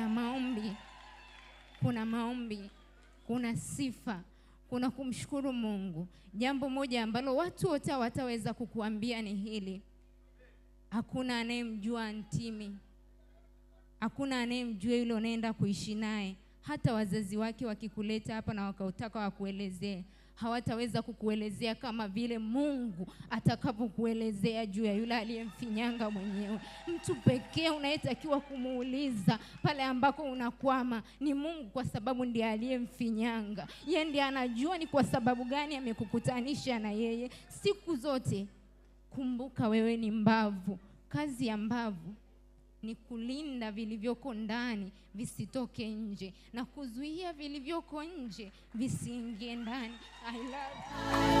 kuna maombi, kuna maombi, kuna sifa, kuna kumshukuru Mungu. Jambo moja ambalo watu wote wataweza kukuambia ni hili, hakuna anayemjua ntimi, hakuna anayemjua yule unaenda kuishi naye hata wazazi wake wakikuleta hapa na wakautaka wakuelezee, hawataweza kukuelezea kama vile Mungu atakapokuelezea juu ya yule aliyemfinyanga mwenyewe. Mtu pekee unayetakiwa kumuuliza pale ambako unakwama ni Mungu, kwa sababu ndiye aliyemfinyanga. Yeye ndiye anajua ni kwa sababu gani amekukutanisha na yeye. Siku zote kumbuka, wewe ni mbavu, kazi ya mbavu ni kulinda vilivyoko ndani visitoke nje na kuzuia vilivyoko nje visiingie ndani. I love you.